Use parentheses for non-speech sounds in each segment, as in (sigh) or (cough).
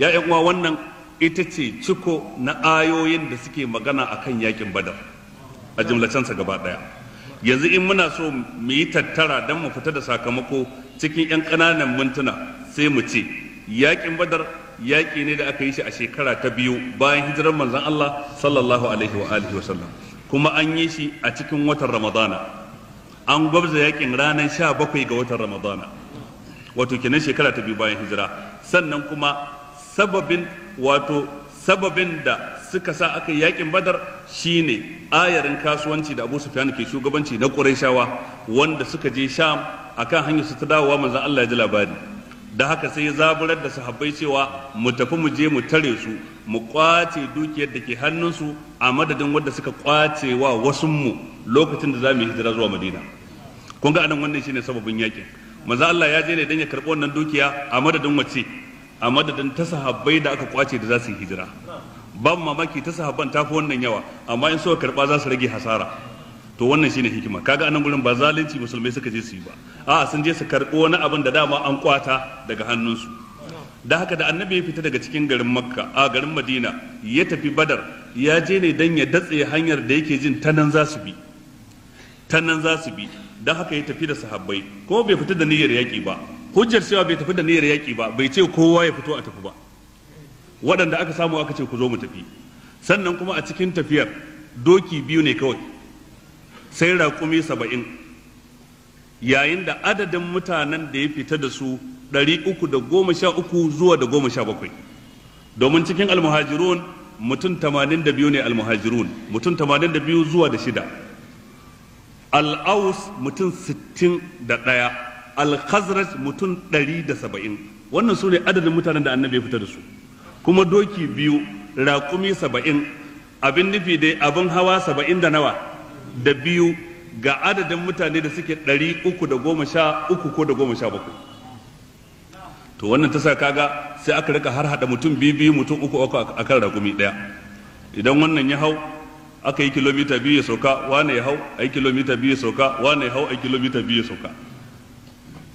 ya uwa wannan ita ce ciko na ayoyin da suke magana a kan yakin badar a jimlacensa gaba ɗaya yanzu in muna so mu yi tattara don mu fita da sakamako cikin 'yan ƙananan mintuna sai mu ce yakin badar yaƙi ne da aka yi shi a shekara ta biyu bayan hijirar manzan Allah sallallahu alaihi wa alihi wa sallam kuma an yi shi a cikin watan Ramadana an gwabza yakin ranar sha bakwai ga watan Ramadana wato kenan shekara ta biyu bayan hijira sannan kuma sababin wato sababin da suka sa aka yakin badar shine ayarin kasuwanci da abu sufyan ke shugabanci na shawa wanda suka je sham akan hanyar su ta dawowa manzon Allah ya ji labari da haka sai ya zaburar da sahabbai cewa mu tafi mu je mu tare su mu kwace dukiyar da ke hannunsu a madadin wanda suka kwace wa wasu mu lokacin da za mu hijira zuwa madina kun ga anan wannan shine sababin yakin maza Allah ya je ne dan ya karbi wannan dukiya a madadin wace a madadin ta sahabbai da aka kwace da za su yi hijira ban mamaki ta sahabban ta fi wannan yawa amma in suka karba za su rage hasara to wannan shine hikima kaga anan gurin ba zalunci musulmai suka je su yi ba a sun je su karbo wani abin da dama an kwata daga hannunsu da haka da annabi ya fita daga cikin garin makka a garin madina ya tafi badar ya je ne dan ya datse hanyar da yake jin ta nan za su bi ta nan za su bi don haka ya tafi da sahabbai kuma bai fita da niyyar yaƙi ba hujjar cewa bai tafi da niyyar yaƙi ba bai ce kowa ya fito a tafi ba waɗanda aka samu aka ce ku zo mu tafi sannan kuma a cikin tafiyar doki biyu ne kawai sai raƙumi saba'in yayin da adadin mutanen da ya fita da su ɗari uku da goma sha uku zuwa da goma sha bakwai domin cikin almuhajirun mutum tamanin da biyu ne almuhajirun mutum tamanin da biyu zuwa da shida al'aus mutum sittin da ɗaya al-khazraj mutum 170 wannan su ne adadin mutanen da annabi ya fita da su kuma doki biyu raƙumi 70 abin nufi dai abin hawa saba'in da nawa da biyu ga adadin mutane da suke ɗari uku da goma sha uku ko da goma sha 17 to wannan ta sa kaga sai aka rika har hada mutum biyu biyu mutum uku uku kan raƙumi ɗaya idan wannan ya hau aka yi kilomita biyu ya sauka wane ya hau a yi kilomita biyu ya sauka wane ya hau a yi kilomita biyu ya sauka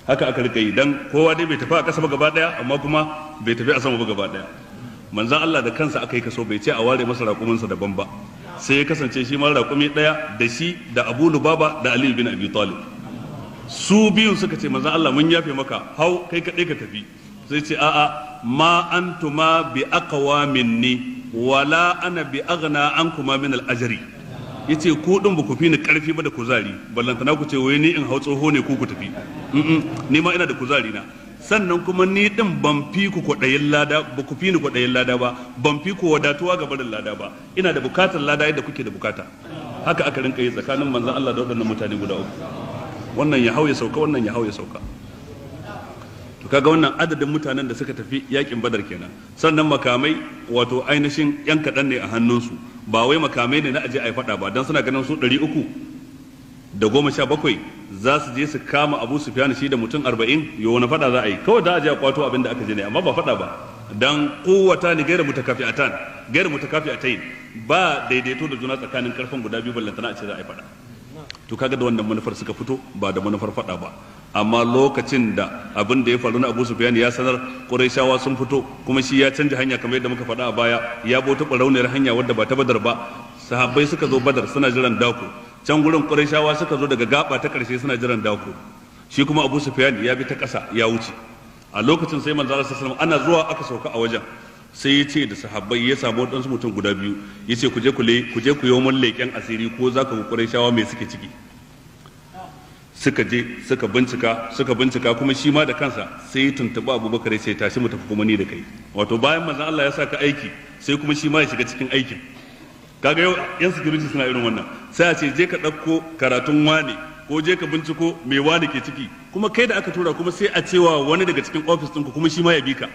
haka aka rika yi dan kowa dai bai tafi a ƙasa ba gaba daya amma kuma bai tafi a sama ba gaba daya manzon Allah da kansa aka yi kaso bai ce a ware masa raƙuminsa daban ba sai ya kasance shi ma raƙumi daya da shi da Abu Lubaba da Ali bin Abi Talib su biyun suka ce manzon Allah mun yafe maka hau kai kaɗai ka tafi sai ce a'a ma antuma bi aqwa minni wala ana bi aghna ankuma min al-ajri ce ku ɗin ba ku fi ni ƙarfi ba da kuzari ballantana ku ce wai ni in hau tsoho ne ku ku tafi ni ma ina da kuzari na sannan kuma ni ɗin ban fi ku kwaɗayin lada ba ku fi ni kwaɗayin lada ba ban fi ku wadatuwa ga barin lada ba ina da bukatar lada yadda kuke da bukata haka aka rinka yi tsakanin manzan Allah da waɗannan mutane guda uku wannan ya hau ya sauka wannan ya hau ya sauka to kaga wannan adadin mutanen da suka tafi yakin badar kenan sannan makamai wato ainihin yan kaɗan ne a hannunsu ba wai makamai ne na aje a yi faɗa ba don suna ganin su ɗari uku da goma sha bakwai za su je su kama abu su fiya shi da mutum arba'in yau wani faɗa za a yi kawai da aje a kwato abin da aka je ne amma ba faɗa ba don kowata ne gaira kafi a tan gaira kafi a tayin ba daidaito da juna tsakanin karfin guda biyu ballantana a ce za a yi faɗa to kaga da wannan manufar suka fito ba da manufar faɗa ba amma lokacin da abin da ya faru na Abu Sufyan ya sanar Qurayshawa sun fito kuma shi ya canja hanya kamar yadda muka faɗa a baya ya bota barauniyar hanya wadda ba ta Badar ba sahabbai suka zo Badar suna jiran dako can gurin Qurayshawa suka zo daga gaba ta ƙarshe suna jiran dako shi kuma Abu Sufyan ya bi ta ƙasa ya wuce a lokacin sai manzo Allah sallallahu ana zuwa aka sauka a wajen sai ya ce da sahabbai ya samu wadansu mutum guda biyu ya ce ku je ku yi mun leƙen asiri ko za ku Qurayshawa mai suke ciki suka je suka bincika suka bincika kuma shi ma da kansa sai ya tuntuɓi abubakar sai tashi mu tafi kuma ni da kai wato bayan manzon Allah ya saka aiki sai kuma shi ma ya shiga cikin aikin kaga yau yan security suna irin wannan sai a ce je ka ɗauko karatun wane ko je ka binciko me wane ke ciki kuma kai da aka tura kuma sai a cewa wani daga cikin ofis ɗinku kuma shi ma ya bi ka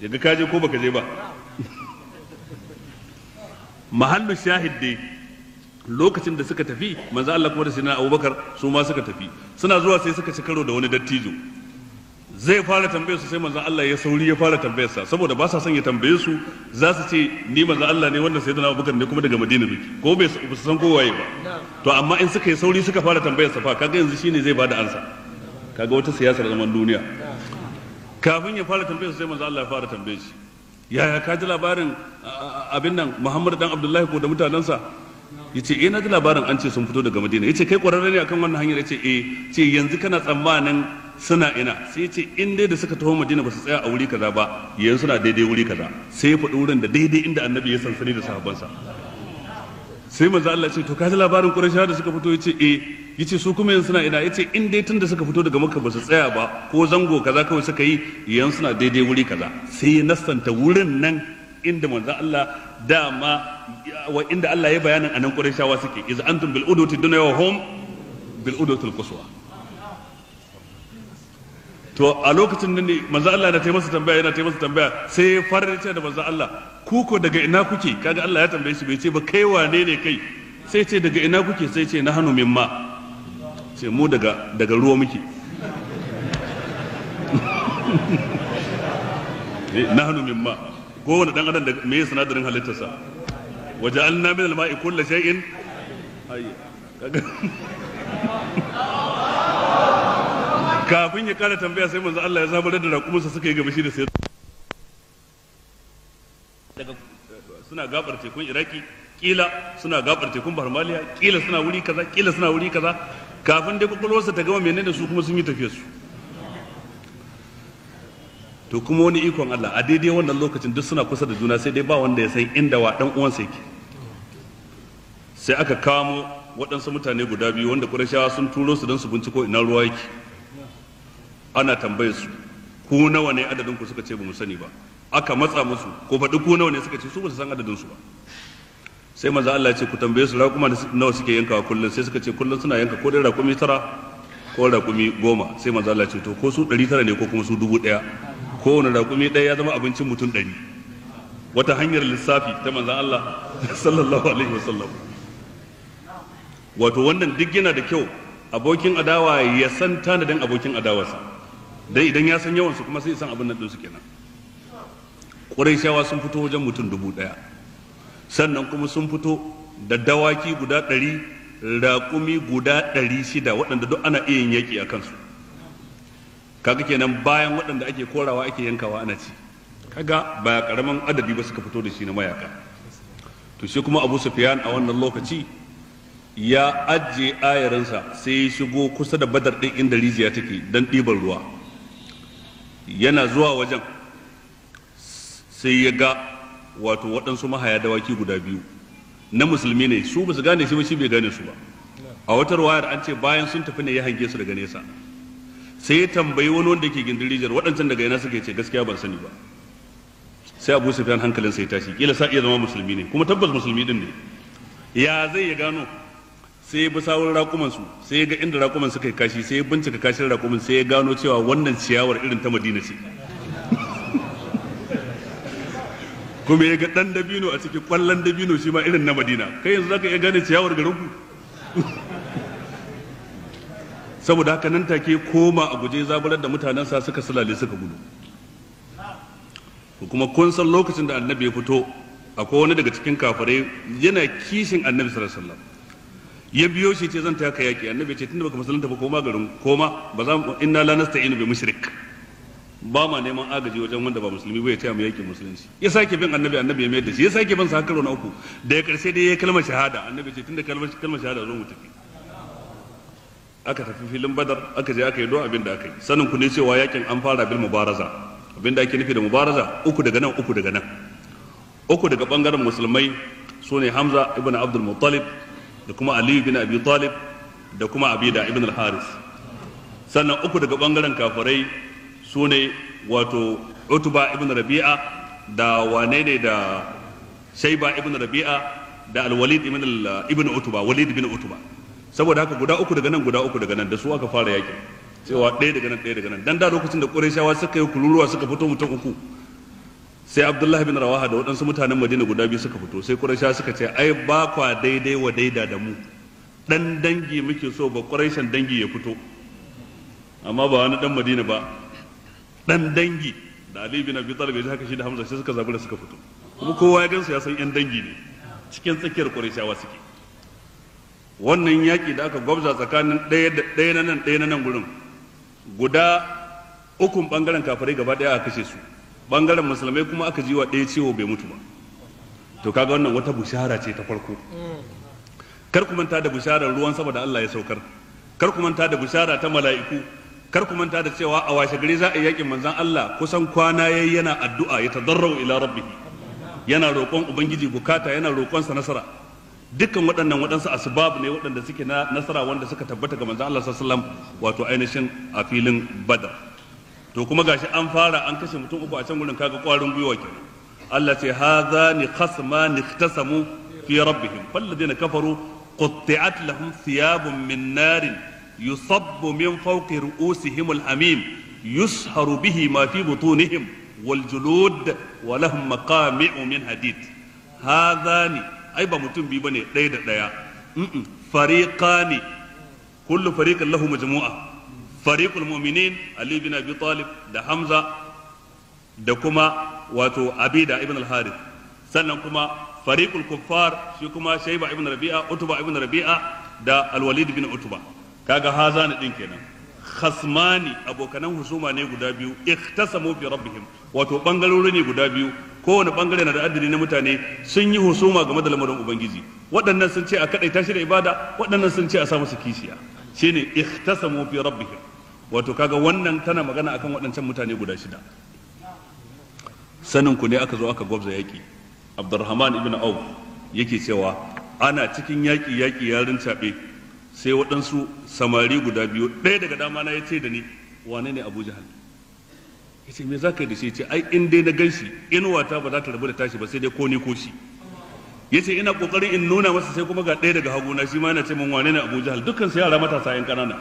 ya ga ka je ko baka je ba mahallu shahid dai lokacin da suka tafi manzo Allah kuma da sina Abubakar su ma suka tafi suna zuwa sai suka ci karo da wani dattijo zai fara tambayar su sai manzo Allah ya sauri ya fara tambayar sa saboda ba sa son ya tambaye su za su ce ni manzo Allah ne wannan sayyidina Abubakar ne kuma daga Madina ne ko bai su san ko waye ba to amma in suka yi sauri suka fara tambayar sa fa kaga yanzu shine zai bada ansa kaga wata siyasar zaman duniya kafin ya fara tambayar su sai manzo Allah ya fara tambaye shi yaya ka ji labarin abin nan Muhammad dan Abdullahi ko da mutanansa yace eh na ji labarin an ce sun fito daga madina ya ce kai kwararre ne akan wannan hanyar ce eh ce yanzu kana tsammanin suna ina sai ce in dai da suka taho madina ba su tsaya a wuri kaza ba yanzu suna daidai wuri kaza sai ya faɗi wurin da daidai inda annabi ya sansani da sahabbansa sai manzo Allah ce to ka labarin Qurayshawa da suka fito yace eh yace su kuma yanzu suna ina ce in dai tun da suka fito daga Makka ba su tsaya ba ko zango kaza kawai suka yi yanzu suna daidai wuri kaza sai ya nasanta wurin nan inda manzo Allah dama wa inda Allah ya bayanin anan Qurayshawa suke iz antum bil uduti dunya wa hum bil udutil quswa to a lokacin nan ne manzo Allah na taimasa tambaya yana taimasa tambaya sai ya da manzo Allah ku ko daga ina kuke kaga Allah ya tambaye shi bai ce ba kai wane ne kai sai ce daga ina kuke sai ce na hannu min ma sai mu daga daga ruwa muke (laughs) na hannu mimma kowane dan adam da me ya sinadarin halittarsa waje an na min alma'i kulla shay'in (laughs) kafin ya kara tambaya sai manzo Allah ya zabar da rakumunsa suka yi gabashi da sai daga suna gabar tekun Iraki kila suna gabar tekun Barmaliya kila suna wuri kaza kila suna wuri kaza kafin dai kwakwalwarsa ta gama menene su kuma sun yi tafiyarsu. to kuma wani ikon Allah a daidai wannan lokacin duk suna kusa da juna sai dai ba wanda ya san inda wa dan uwansa yake sai aka kamo waɗansu mutane guda biyu wanda ƙurashawa sun turo su don su binciko ina ruwa yake ana tambaye su ku nawa ne adadin ku suka ce ba mu sani ba aka matsa musu ko faɗi ku nawa ne suka ce su ba su san adadin su ba sai manzo Allah ya ce ku tambaye su raƙuma nawa suke yankawa kullum sai suka ce kullum suna yanka ko dai raƙumi tara ko raƙumi goma sai manzo Allah ya ce to ko su ɗari tara ne ko kuma su dubu ɗaya kowane raƙumi ɗaya ya zama abincin mutum ɗari wata hanyar lissafi ta manzan Allah (laughs) sallallahu alaihi wasallam wato wannan duk yana da kyau abokin adawa ya san tanadin abokin adawarsa dai idan ya san yawansu kuma sai san abin nan ɗinsu kenan ƙuraishawa sun fito wajen mutum dubu ɗaya sannan kuma sun fito da dawaki guda ɗari raƙumi guda ɗari shida waɗanda duk ana iya yin yaƙi a kansu kaga kenan bayan waɗanda ake korawa ake yankawa ana ci kaga ba karaman adadi ba suka fito da shi na mayaka to shi kuma abu sufyan a wannan lokaci ya ajiye ayaransa sai ya shigo kusa da badar ɗin inda rijiya take don ɗiban ruwa yana zuwa wajen sai ya ga wato waɗansu mahaya dawaki guda biyu na musulmi ne su ba su gane shi ba shi bai gane su ba a wata ruwayar an ce bayan sun tafi ne ya hange su daga nesa sai ya tambayi wani wanda ke gindin rijiyar waɗancan daga yana suka ce gaskiya ban sani ba sai abu sufyan hankalin sai tashi kila sa iya zama musulmi ne kuma tabbas musulmi din ne ya zai ya gano sai ya bi sawun raƙuman su sai ya ga inda raƙuman suka yi kashi sai ya bincika kashin raƙuman sai ya gano cewa wannan ciyawar irin ta madina ce (laughs) kuma ya ga ɗan dabino a cikin ƙwallon dabino shi ma irin na madina kai yanzu za ka iya gane ciyawar garin ku (laughs) saboda haka nan take koma a guje zaburar da mutanensa suka sulale suka gudu kuma kun san lokacin da annabi ya fito akwai wani daga cikin kafirai yana kishin annabi sallallahu alaihi wasallam ya biyo shi ce zan taka yaki annabi ce tunda baka musulunta ba koma garin koma ba za mu inna la nasta'inu bi mushrik ba ma neman agaji wajen wanda ba musulmi ba ya taya mu yaki musulunci ya sake bin annabi annabi ya mayar da shi ya sake bin sa karo na uku da ya karshe dai ya kalmar shahada annabi ce tunda kalmar shahada zo mu tafi aka tafi filin badar aka je aka yi don abin da aka yi sanin ku ne cewa yakin an fara bil mubaraza abin da ake nufi da mubaraza uku daga nan uku daga nan uku daga bangaren musulmai su ne hamza ibn abdul muttalib da kuma ali bin abi talib da kuma abida ibn al haris sannan uku daga bangaren kafirai su ne wato utuba ibn rabi'a da wane ne da shaiba ibn rabi'a da al-walid ibn utuba walid ibn utuba saboda haka guda uku daga nan guda uku daga nan da su aka fara yakin cewa ɗaya daga nan ɗaya daga nan dan da lokacin da ƙurayshawa suka yi kururuwa suka fito mutum uku sai abdullahi bin rawaha da waɗansu mutanen madina guda biyu suka fito sai ƙurayshawa suka ce ai ba kwa daidai wa daida da mu dan dangi muke so ba ƙurayshan dangi ya fito amma ba wani dan madina ba dan dangi da ali bin abi talib ya haka shi da hamza sai suka zabura suka fito kuma kowa ya gansu ya san yan dangi ne cikin tsakiyar ƙurayshawa suke wannan yaƙi da aka gwabza tsakanin ɗaya na nan ɗaya na nan gurin guda ukun ɓangaren kafirai gaba ɗaya a kashe su ɓangaren musulmai kuma aka jiwa ɗaya cewa bai mutu ba to kaga wannan wata bushara ce ta farko kar ku manta da bushara ruwan sama da Allah ya saukar kar ku manta da bushara ta mala'iku kar ku manta da cewa a washe gari za a yi yaƙin manzon Allah kusan kwana yayi yana addu'a ya tadarrau ila rabbih yana roƙon ubangiji bukata yana roƙon sa nasara dukkan waɗannan waɗansu asbab ne waɗanda suke na nasara wanda suka tabbata ga manzon Allah sallallahu alaihi wato ainihin a filin badar to kuma gashi an fara an kashe mutum uku a can gurin kaga kwarin gwiwa kenan Allah ce hadhani khasman iktasamu fi rabbihim falladhina kafaru qutti'at lahum thiyabun min narin yusabbu min fawqi ru'usihim al-hamim yusharu bihi ma fi butunihim wal julud wa lahum maqami'u min hadid hadhani ai ba mutum biyu bane ɗaya da ɗaya fariqani kullu fariqin lahu majmu'a fariqul mu'minin ali bin abi talib da hamza da kuma wato abida ibn al-harith sannan kuma fariqul kuffar shi kuma shayba ibn rabi'a utba ibn rabi'a da al-walid bin utba kaga hazani din kenan khasmani abokanan husuma ne guda biyu ikhtasamu bi rabbihim wato bangarori ne guda biyu kowane bangare na da adadi na mutane sun yi husuma game da lamarin ubangiji waɗannan sun ce a kaɗaita shi da ibada waɗannan sun ce a sa musu kishiya shine ikhtasamu fi rabbihim wato kaga wannan tana magana akan waɗancan mutane guda shida sanin ku ne aka zo aka gwabza yaki abdurrahman ibn auf yake cewa ana cikin yaki yaki yarin caɓe sai waɗansu samari guda biyu ɗaya daga dama na ya ce da ni wane ne abu jahal yace me zaka yi da shi yace ai in dai na ganshi ta ba za ta rabu da tashi ba sai dai ko ni ko shi yace ina kokarin in nuna masa sai kuma ga ɗaya daga haguna shi ma yana ce min wane ne Abu Jahal dukkan sai yara matasa yan kanana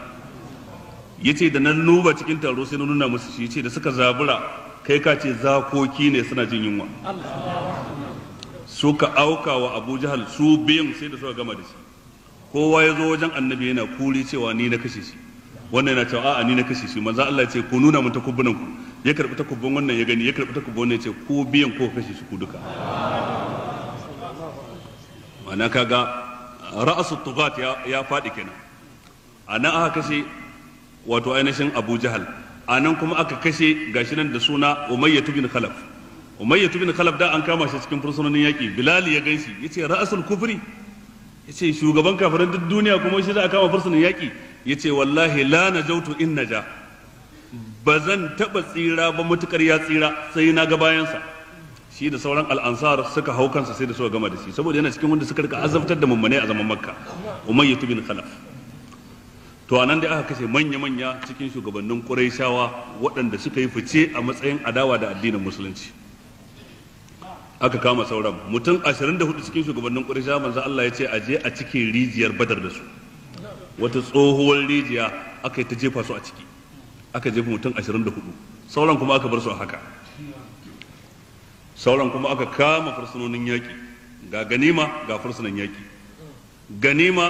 yace da nan nuba cikin taro sai na nuna musu shi yace da suka zabura kai ka ce zakoki ne suna jin yunwa suka auka wa Abu Jahal su biyan sai da suka gama da shi kowa ya zo wajen annabi yana kuri cewa ni na kashe shi wannan yana cewa a'a ni na kashe shi manzo Allah ya ce ku nuna mun kubunan ku ya karbi takubban wannan ya gani ya karbi takubban wannan ya ce ko biyan ko kashe shi ku duka ma'ana kaga ra'asu tugat ya faɗi kenan a nan aka kashe wato ainihin abu jahal a nan kuma aka kashe gashi nan da suna umayya bin khalaf umayya bin khalaf da an kama shi cikin fursunonin yaƙi bilali ya gan shi ya ce ra'asul kufri ya ce shugaban kafirin duk duniya kuma shi za a kama fursunan yaƙi ya ce wallahi la najautu in naja ba zan taɓa tsira ba mutukar ya tsira sai na ga bayansa shi da sauran al'ansar suka hau kansa sai da suka gama da shi saboda yana cikin wanda suka rika azabtar da mummune a zaman makka umayyatu bin khalaf to anan da aka kashe manya-manya cikin shugabannin quraishawa waɗanda suka yi fice a matsayin adawa da addinin musulunci aka kama sauran mutum 24 cikin shugabannin quraishawa manzo Allah ya ce a je a cikin rijiyar badar da su wata tsohuwar rijiya aka yi ta jefa su a ciki aka jefa mutum 24 sauran kuma aka bar su a haka sauran kuma aka kama fursunonin yaƙi ga ganima ga fursunan yaƙi ganima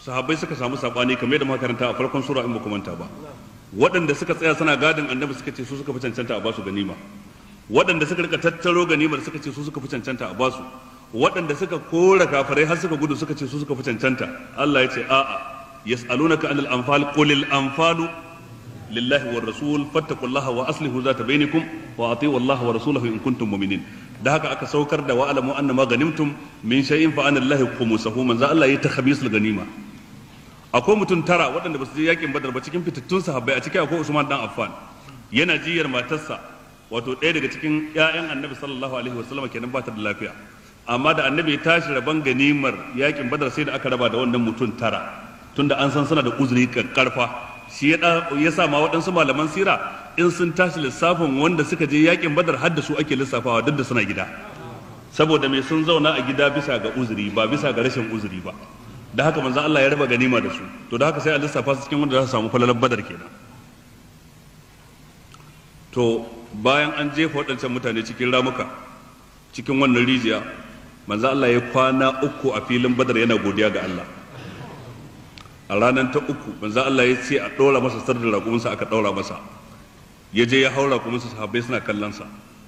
sahabbai suka samu sabani kamar yadda makaranta a farkon sura in manta ba waɗanda suka tsaya suna gadin annabi suka ce su suka fi cancanta a ba su ganima waɗanda suka rika tattaro ganimar suka ce su suka fi cancanta a ba su waɗanda suka kora kafarai har suka gudu suka ce su suka fi cancanta Allah ya ce a'a yas'alunaka anil anfal qulil anfalu lillahi war rasul fattaqullaha wa aslihu zata bainakum wa ati'u allaha wa in mu'minin da haka aka saukar da wa'alamu annama ma ganimtum min shay'in fa anallahi khumusahu man za Allah ya ganima akwai mutum tara waɗanda ba su je yakin badar ba cikin fitattun sahabbai a ciki akwai Usman dan Affan yana jiyar matarsa wato ɗaya daga cikin ƴaƴan Annabi sallallahu alaihi wasallam kenan ba ta da lafiya amma da Annabi ya tashi rabon ganimar yakin badar sai da aka raba da wannan mutum tara tunda an san suna da uzuri karfa shi ya sa ma waɗansu malaman sira in sun tashi lissafin wanda suka je yakin badar har da su ake lissafawa duk da suna gida saboda mai sun zauna a gida bisa ga uzuri ba bisa ga rashin uzuri ba da haka manzo Allah ya raba ganima da su to da haka sai a lissafa su cikin wanda za su samu falalar badar kenan to bayan an jefa waɗancan mutane cikin ramuka cikin wannan rijiya manzo Allah ya kwana uku a filin badar yana godiya ga Allah a ranar ta uku manzo Allah ya ce a ɗora masa sardar raƙuminsa aka ɗaura masa ya je ya haura kuma su sahabbai suna kallonsa,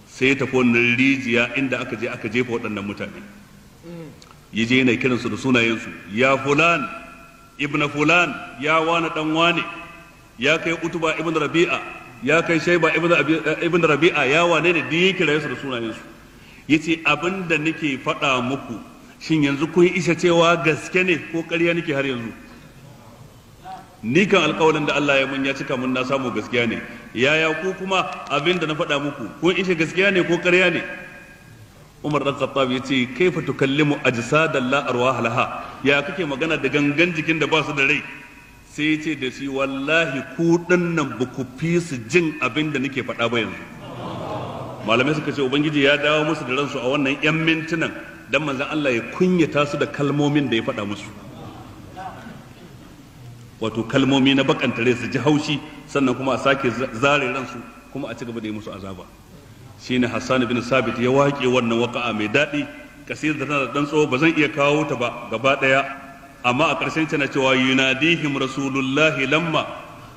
sai ya tafi wannan rijiya inda aka je aka jefa waɗannan mutane ya je yana kiransu da sunayensu ya fulan ibn fulan ya wani dan wane ya kai utuba ibn rabi'a ya kai shaiba eh, ibn rabi'a ya wane ne da ya kira su da sunayensu ya ce abin da nake faɗa muku shin yanzu kun isa cewa gaske ne ko ƙarya nake har yanzu ni kan alƙawarin da Allah ya mun ya cika mun na samu gaskiya ne yaya ku kuma abin da na faɗa muku in ishe gaskiya ne ko ƙarya ne Umar dan Khattab ya ce kaifa tukallimu ajsadan la arwah laha ya kake magana da gangan jikin da ba su da rai sai yace da shi wallahi ku nan ba ku fi su jin abin da nake faɗa ba yanzu malamai suka ce ubangiji ya dawo musu da ransu a wannan yan mintunan dan manzon Allah ya kunyata su da kalmomin da ya faɗa musu wato kalmomi na bakanta su ji haushi sannan kuma a sake zare ransu kuma a ci gaba da yi musu azaba shine Hassan bin Sabit ya wake wannan waka'a mai daɗi kasir da tana da dan tsawo ba zan iya kawo ta ba gaba ɗaya amma a ƙarshen na cewa yunadihim rasulullahi lamma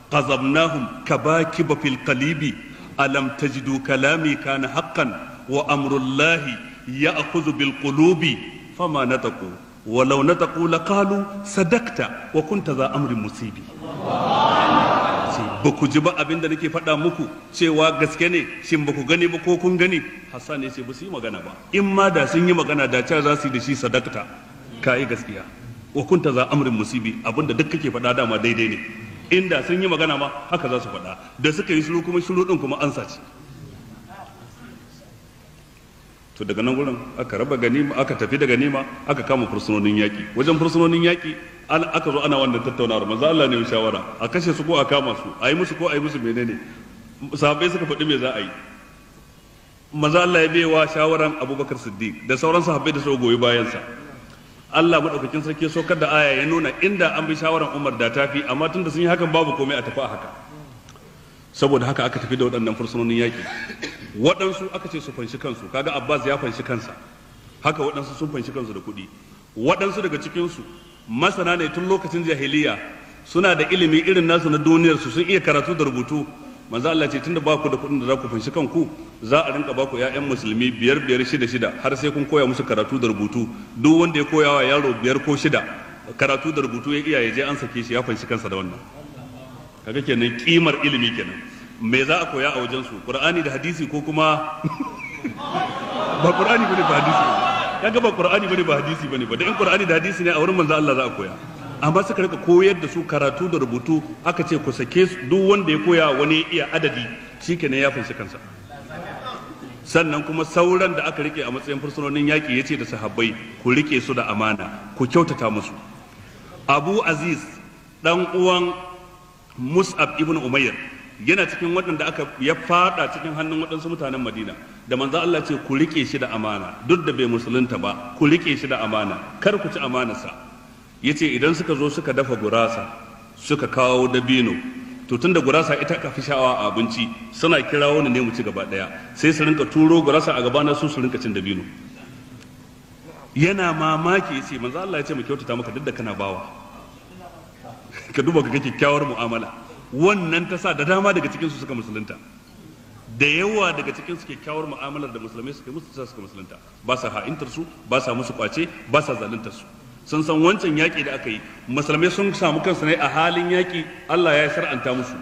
qazabnahum kabakiba fil qalibi alam tajidu kalami kana haqqan wa amrullahi ya'khudhu bil qulubi fama nataqu ولو na taƙu صدقت sadakta wa kunta za ba ku ji ba abin da nake faɗa muku cewa gaske ne shin baku gani ba ko kun gani hassan ya ce ba su yi magana ba in ma da sun yi magana da cewa za su yi da shi sadakta ka yi gaskiya wa kunta za amrin musibi abin da duk kake faɗa dama daidai ne inda sun yi magana ma haka za su faɗa da suka yi shiru kuma shiru ɗin kuma an sace to daga nan wurin aka raba ganima aka tafi daga ganima aka kama fursunonin yaƙi wajen fursunonin yaƙi aka zo ana wannan tattaunawar manzo Allah ne ya shawara a kashe su ko a kama su a yi musu ko a yi musu menene sahabbai suka faɗi me za a yi manzo Allah ya baiwa shawaran Abubakar Siddiq da sauran sahabbai da suka goyi bayan sa Allah madaukakin sarki so da aya ya nuna inda an bi shawaran Umar da tafi amma tunda sun yi hakan babu komai a tafi a haka saboda haka aka tafi da waɗannan fursunonin yaƙi. waɗansu aka ce su fanshi kansu kaga abbas ya fanshi kansa haka waɗansu sun fanshi kansu da kuɗi waɗansu daga cikinsu masana ne tun lokacin jahiliya suna da ilimi irin nasu na duniyar su sun iya karatu da rubutu manzo Allah ce tunda ba ku da kuɗin da za ku fanshi kanku za a rinka baku ku ƴaƴan musulmi biyar biyar shida shida har sai kun koya musu karatu da rubutu duk wanda ya koya wa yaro biyar ko shida karatu da rubutu ya iya ya je an sake shi ya fanshi kansa da wannan kaga kenan kimar ilimi kenan me za a koya a wajen su qur'ani da hadisi ko kuma ba qur'ani bane ba hadisi kaga ba qur'ani bane ba hadisi bane ba da in qur'ani da hadisi ne a wurin manzo Allah za a koya amma suka rika koyar da su karatu da rubutu aka ce ku sake duk wanda ya koya wani iya adadi shikenan ya fanshi kansa sannan kuma sauran da aka rike a matsayin fursunonin yaƙi ya ce da sahabbai ku rike su da amana ku kyautata musu abu aziz dan uwan mus'ab ibn umayyar yana cikin waɗanda aka ya faɗa cikin hannun waɗansu mutanen madina da manzo Allah ce ku rike shi da amana duk da bai musulunta ba ku rike shi da amana kar ku ci amanarsa yace idan suka zo suka dafa gurasa suka kawo dabino to tunda gurasa ita ka fi sha'awa a abinci suna kirawo ne mu ci gaba daya sai su rinka turo gurasa a na su su rinka cin dabino yana mamaki yace manzo Allah ya ce mu kyautata maka duk da kana bawa (laughs) ka duba ka ga kyakkyawar mu'amala wannan ta sa da dama daga cikin su suka musulunta da yawa daga cikin su kyakkyawar mu'amalar da musulmai suka musu sa suka musulunta ba sa ha'intar su ba sa musu kwace ba sa zalunta su sun san wancan yaƙi da aka yi musulmai sun samu kansu ne a halin yaƙi Allah ya shar'anta musu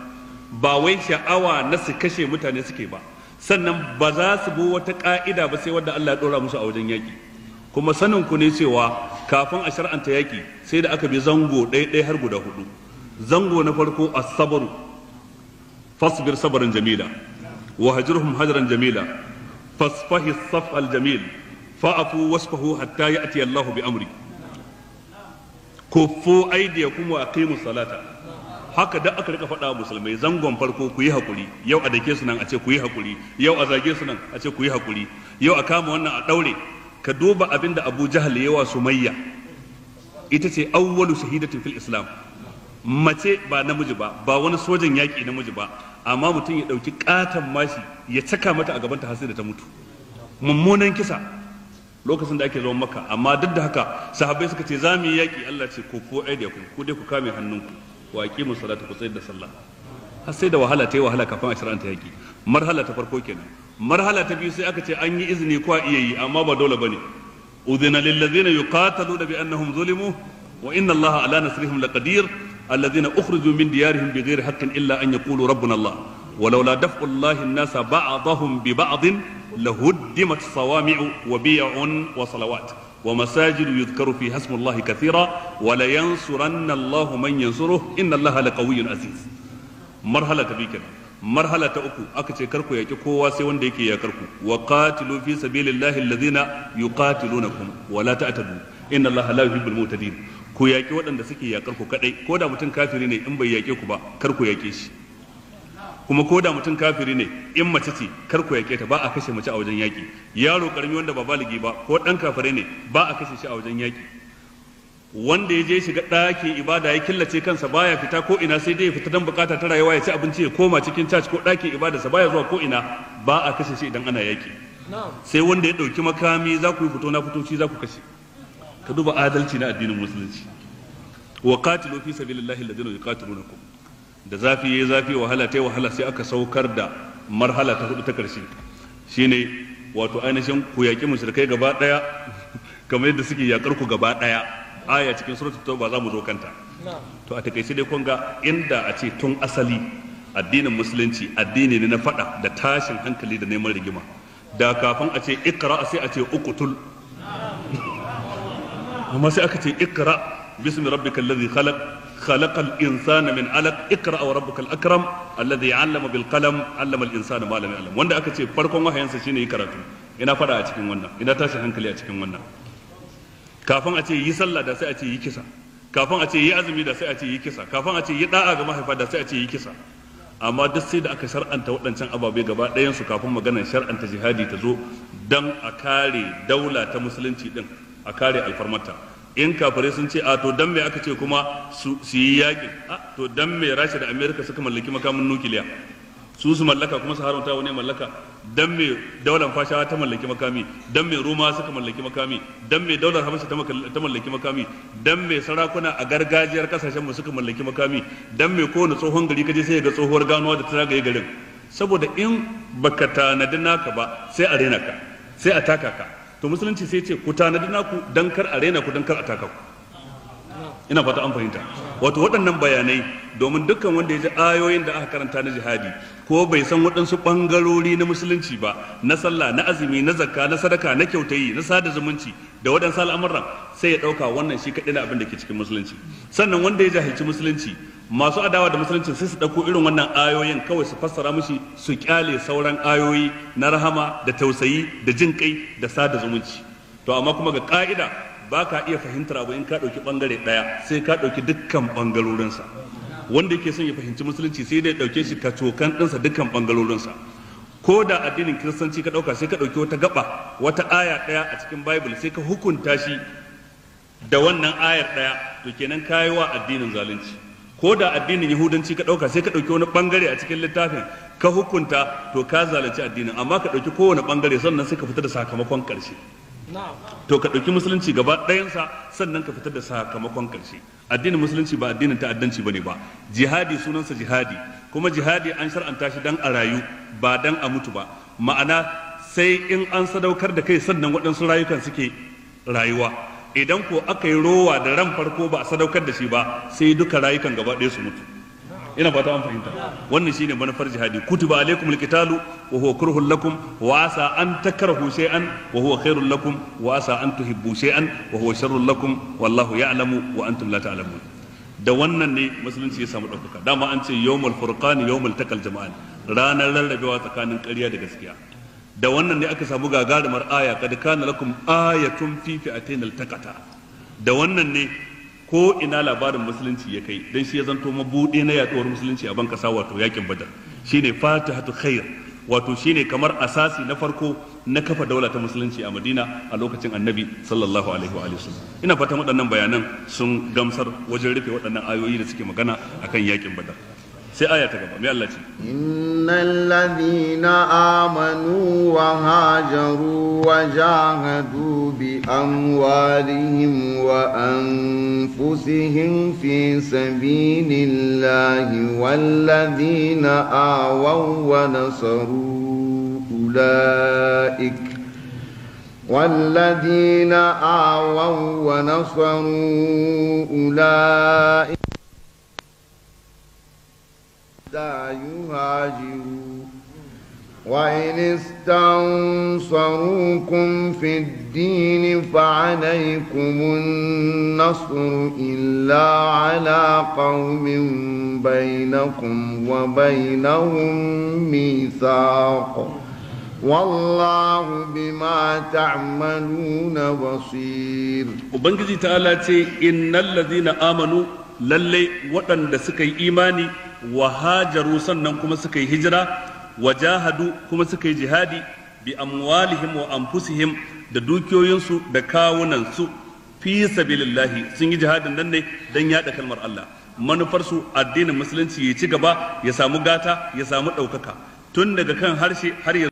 ba wai sha'awa na su kashe mutane suke ba sannan ba za su bi wata ka'ida ba sai wadda Allah ya dora musu a wajen yaƙi kuma sanin ku ne cewa kafin a shar'anta yaƙi sai da aka bi zango ɗaya ɗaya har guda hudu zango na farko a sabaru fasbir sabarin jamila wa hajruhum hajran jamila fasfahi saf al-jamil fa'fu wasfahu hatta ya'ti Allahu bi amri kuffu aydiyakum wa aqimus salata haka da aka rika faɗa musulmai zangon farko ku yi hakuri yau a dake su nan a ce ku yi hakuri yau a zage su nan a ce ku yi hakuri yau a kama wannan a daure ka duba abinda Abu Jahal yawa Sumayya ita ce awwalu shahidatin fil Islam mace ba namiji ba ba wani sojan yaƙi namiji ba amma mutum ya ɗauki ƙaton mashi ya caka mata a gabanta har sai da ta mutu mummunan kisa lokacin da ake zama maka amma duk da haka sahabbai suka ce za mu yi yaƙi Allah ce ko ko aidiya ku ku dai ku kame hannunku wa aqimu salata ku tsayar da sallah har sai da wahala ta yi wahala kafin a ta yaƙi marhala ta farko kenan marhala ta biyu sai aka ce an yi izini ko a iya yi amma ba dole bane udhina lil ladzina yuqataluna bi annahum zulimu wa inna allaha ala nasrihim laqadir الذين أخرجوا من ديارهم بغير حق إلا أن يقولوا ربنا الله ولولا دفع الله الناس بعضهم ببعض لهدمت صوامع وبيع وصلوات ومساجد يذكر فيها اسم الله كثيرا ولينصرن الله من ينصره إن الله لقوي عزيز مرحلة بيكنا مرحلة أكو أكتش كركو يكو واسيون ديك يا كركو وقاتلوا في سبيل الله الذين يقاتلونكم ولا تأتدوا إن الله لا يحب المعتدين ku yaƙi waɗanda suke yaƙar ku kaɗai ko da mutum kafiri ne in bai yaƙe ku ba kar ku yaƙe shi kuma ko da mutum kafiri ne in mace ce kar ku yaƙe ta ba a kashe mace a wajen yaƙi yaro ƙarami wanda ba baligi ba ko ɗan kafare ne ba a kashe shi a wajen yaƙi wanda ya je shiga ɗakin ibada ya killace kansa baya fita ko ina sai dai ya fita don bukata ta rayuwa ya ci abinci ya koma cikin caci ko ɗakin ibada sa baya zuwa ko ina ba a kashe shi idan ana yaƙi sai wanda ya ɗauki makami za ku yi fito na fitoci shi za ku kashe ka duba adalci na addinin musulunci wa qatilu fi sabilillahi alladhina yuqatilunakum da zafi yayi zafi wahala wahala sai aka saukar da marhala ta hudu ta karshe shine wato ainihin ku yaki mushrikai gaba daya (laughs) kamar yadda suke yakar ku gaba daya aya cikin suratul tauba za mu zo kanta to a takaice dai kun ga inda a ce tun asali addinin musulunci addini ne na fada da tashin hankali da neman rigima da kafin a ce ikra sai a ce uqtul amma sai aka ce ikra bismi rabbikal ladhi khalaq khalaqal insana min alaq ikra wa rabbukal akram alladhi 'allama bil qalam 'allama al insana ma lam ya'lam wanda aka ce farkon wahayansa shine yi karatu ina fada a cikin wannan ina tashin hankali a cikin wannan kafin a ce yi sallah da sai a ce yi kisa kafin a ce yi azumi da sai a ce yi kisa kafin a ce yi da'a ga mahaifa da sai a ce yi kisa amma duk sai da aka shar'anta waɗancan ababe gaba ɗayan su kafin maganar shar'anta jihadi ta zo don a kare daula ta musulunci din a kare alfarmata in kafirai sun ce a to dan me aka ce kuma su yi yaƙi a to dan me rasha da amerika suka mallaki makamin nukiliya su su mallaka kuma su haramta wani mallaka dan me daular fashawa ta mallaki makami dan me roma suka mallaki makami dan me daular habasha ta mallaki makami dan me sarakuna a gargajiyar kasashen mu suka mallaki makami dan me kowane tsohon gari kaje sai ga tsohuwar ganuwa da ta zagaye garin saboda in baka tanadi naka ba sai a rena ka sai a taka ka to musulunci sai ce ku tanadi naku dan kar a raina ku dan kar a taka ku ina fata an fahimta wato waɗannan bayanai domin dukkan wanda ya ji ayoyin da aka karanta na jihadi ko bai san waɗansu ɓangarori na musulunci ba na sallah na azumi na zakka na sadaka na kyautayi na sada zumunci da waɗansu al'amuran sai ya ɗauka wannan shi kaɗai na abin da ke cikin musulunci sannan wanda ya jahilci musulunci masu adawa da musulunci sai su ɗauko irin wannan ayoyin kawai su fassara mushi su kyale sauran ayoyi na rahama da tausayi da jin kai da sada zumunci to amma kuma ga ka'ida ba ka iya fahimtar abu in ka ɗauki ɓangare ɗaya sai ka ɗauki dukkan ɓangarorinsa wanda yake son ya fahimci musulunci sai dai ɗauke shi ka cokan ɗinsa dukkan ɓangarorinsa ko da addinin kiristanci ka ɗauka sai ka ɗauki wata gaba wata aya ɗaya a cikin bible sai ka hukunta shi da wannan ayar ɗaya to kenan yi wa addinin zalunci ko da addinin yahudanci ka ɗauka sai ka ɗauki wani ɓangare a cikin littafin ka hukunta to ka zalunci addinin amma ka ɗauki kowane ɓangare sannan sai ka fitar da sakamakon ƙarshe to ka ɗauki musulunci gaba ɗayansa sannan ka fitar da sakamakon ƙarshe addinin musulunci ba addinin ta'addanci bane ba jihadi sunansa jihadi kuma jihadi an shar'anta shi dan a rayu ba dan a mutu ba ma'ana sai in an sadaukar da kai sannan waɗansu rayukan suke rayuwa idan ko aka yi rowa da ran farko ba a sadaukar da shi ba sai duka rayukan gaba ɗaya su mutu ina fata an fahimta wannan shine manufar jihadi kutuba alaikum alqitalu wa huwa kurhul lakum wa asa an takrahu shay'an wa huwa khairul lakum wa asa an tuhibbu shay'an wa huwa sharrul lakum wallahu ya'lamu wa antum la ta'lamun da wannan ne musulunci ya samu ɗaukaka dama an ce yawmul furqan yawmul takal jama'an ranar rarrabewa tsakanin ƙarya da gaskiya da wannan ne aka samu gagarumar aya kad kana lakum ayatun fi fi'atain altaqata da wannan ne ko ina labarin musulunci ya kai dan shi ya zanto mabuɗe na yaduwar musulunci a ban kasa wato yakin badar shine fatihatu khair wato shine kamar asasi na farko na kafa daula ta musulunci a Madina a lokacin Annabi sallallahu alaihi wa sallam ina fatan waɗannan bayanan sun gamsar wajen rufe waɗannan ayoyi da suke magana akan yakin badar sai aya ta gaba mai Allah ce innal ladina amanu wa hajaru wa jahadu bi amwalihim wa anfusihim fi sabilillahi wal ladina awaw wa nasaru ulaika والذين آووا ونصروا أولئك حتى يهاجروا وإن استنصروكم في الدين فعليكم النصر إلا على قوم بينكم وبينهم ميثاق والله بما تعملون بصير وبنجي تعالى إن الذين آمنوا lalle waɗanda suka yi imani wa hajaru sannan kuma suka yi hijira wa jahadu kuma suka yi jihadi bi amwalihim wa anfusihim da dukiyoyinsu da kawunansu fi sabilillahi sun yi jihadin nan ne dan yaɗa kalmar Allah manufarsu addinin musulunci ya ci gaba ya samu gata ya samu ɗaukaka tun daga kan harshe har yanzu.